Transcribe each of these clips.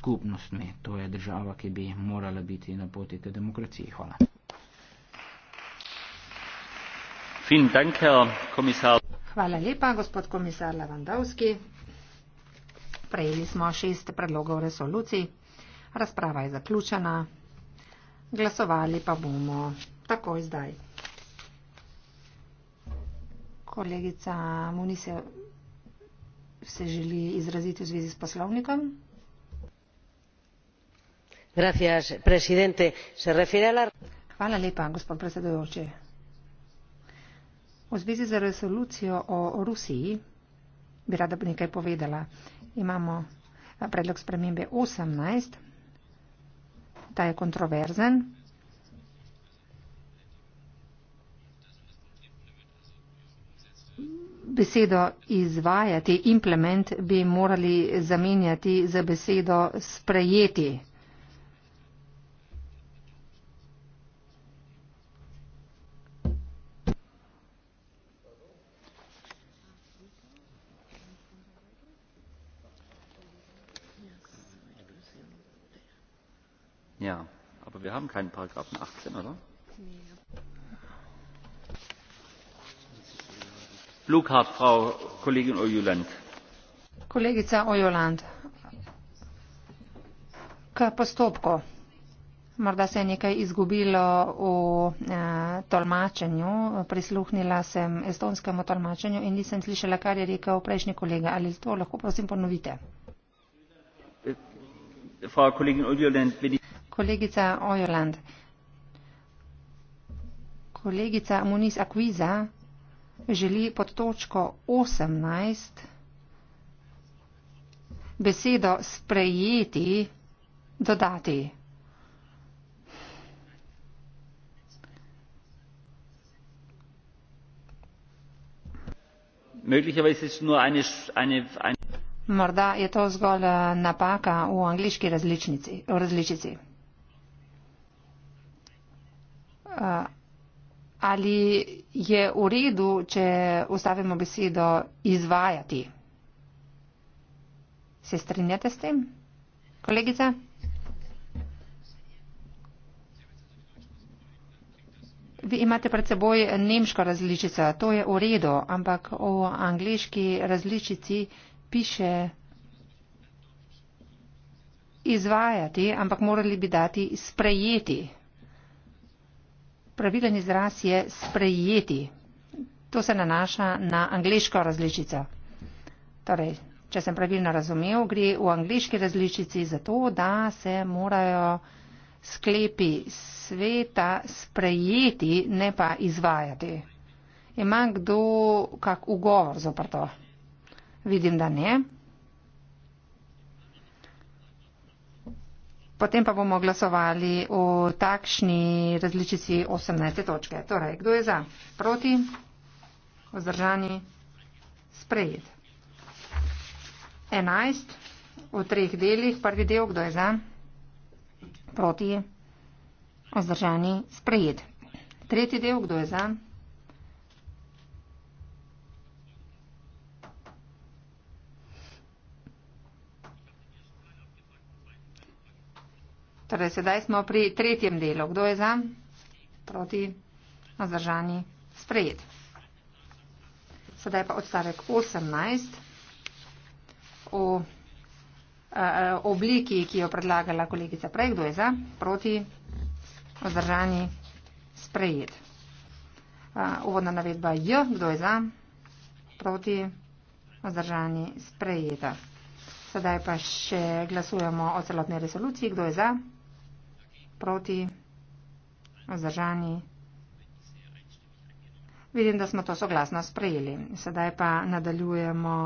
skupnostmi. To je država, ki bi morala biti na poti k demokraciji. Hvala. Hvala lepa, gospod komisar Levandovski. Prejeli smo šest predlogov resolucij. Razprava je zaključena. Glasovali pa bomo takoj zdaj. Kolegica Munise se želi izraziti v zvezi s poslovnikom gospod predsednik v zvezi z resolucijo o rusiji se strinjam z vami bi rada nekaj povedala. imamo eh, predlog spremembe osemnajst ta je kontroverzen besedo izvajati implement bi morali zamenjati z besedo sprejeti. Ja, aber wir haben keinen paragraphen achtzehn oder? frau kollegin ojuland kolegica ojuland k postopku morda se je nekaj izgubilo v eh, tolmačenju prisluhnila sem estonskemu tolmačenju in nisem slišala kar je rekel prejšnji kolega ali to lahko prosim ponovite eh, Frau Kollegin Ojuland, wenn ich Kolegica Ojoland. Kolegica Muniz Akviza želi pod točko 18 besedo sprejeti dodati. Morda je to zgolj eh, napaka v angliški različnici. V različici ali je v redu, če ustavimo besedo izvajati. Se strinjate s tem, kolegica? Vi imate pred seboj nemško različico, to je v redu, ampak v angliški različici piše izvajati, ampak morali bi dati sprejeti pravilen izraz je sprejeti. To se nanaša na angliško različico. Torej, če sem pravilno razumel, gre v angliški različici za to, da se morajo sklepi sveta sprejeti, ne pa izvajati. Ima kdo kak ugovor za to? Vidim, da ne. Potem pa bomo glasovali o takšni različici 18. točke. Torej, kdo je za? Proti? Ozdržani? Sprejet. 11 v treh delih. Prvi del, kdo je za? Proti? Ozdržani? Sprejet. Tretji del, kdo je za? Proti? Torej, sedaj smo pri tretjem delu. Kdo je za? Proti. Zdržani. Sprejet. Sedaj pa odstavek 18 o eh, eh, obliki, ki jo predlagala kolegica prej. Kdo je za? Proti. Zdržani. Sprejet. Eh, uvodna navedba J. Kdo je za? Proti. Zdržani. Sprejeta. Sedaj pa še glasujemo o celotni resoluciji. Kdo je za? Proti proti vzdržani. Vidim, da smo to soglasno sprejeli. Sedaj pa nadaljujemo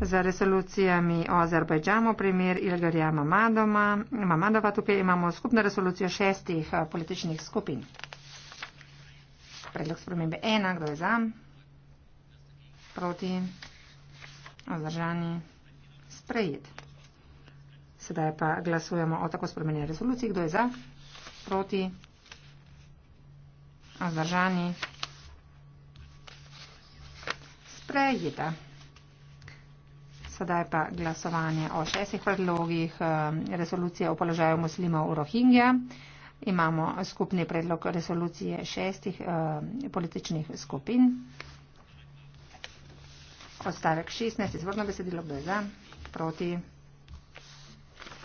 z resolucijami o Azerbajdžanu, primer Ilgarja Mamadova. Mamadova. Tukaj imamo skupno resolucijo šestih eh, političnih skupin. Predlog spremembe ena, kdo je za, proti, vzdržani, sprejeti. Sedaj pa glasujemo o tako spremenjeni rezoluciji. Kdo je za? Proti? Zdržani? Sprejeta. Sedaj pa glasovanje o šestih predlogih eh, rezolucije o položaju muslimov v Rohingja. Imamo skupni predlog rezolucije šestih eh, političnih skupin. Odstavek 16, izvorno besedilo, kdo je za? Proti?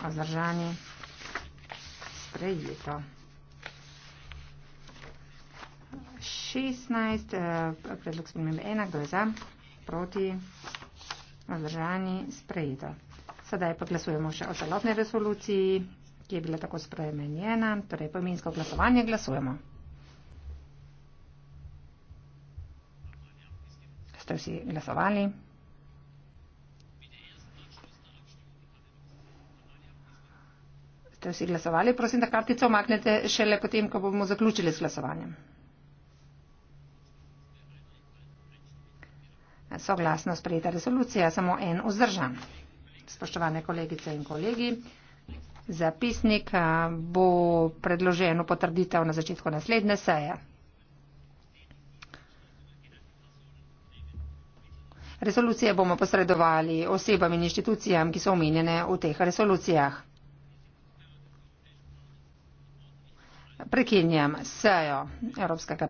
Воздержание. Принято. 16. Предлог спомнил 1. Кто за? Против. Воздержание. Принято. Sedaj pa glasujemo še o celotni resoluciji, ki je bila tako spremenjena, torej pomensko glasovanje glasujemo. Ste vsi glasovali? ste vsi glasovali, prosim, da kartico omaknete šele potem, ko bomo zaključili s glasovanjem. Soglasno sprejeta resolucija, samo en vzdržan. Spoštovane kolegice in kolegi, zapisnik bo predložen v potrditev na začetku naslednje seje. Resolucije bomo posredovali osebam in inštitucijam, ki so omenjene v teh resolucijah. prekinjam sejo Evropskega parlamenta.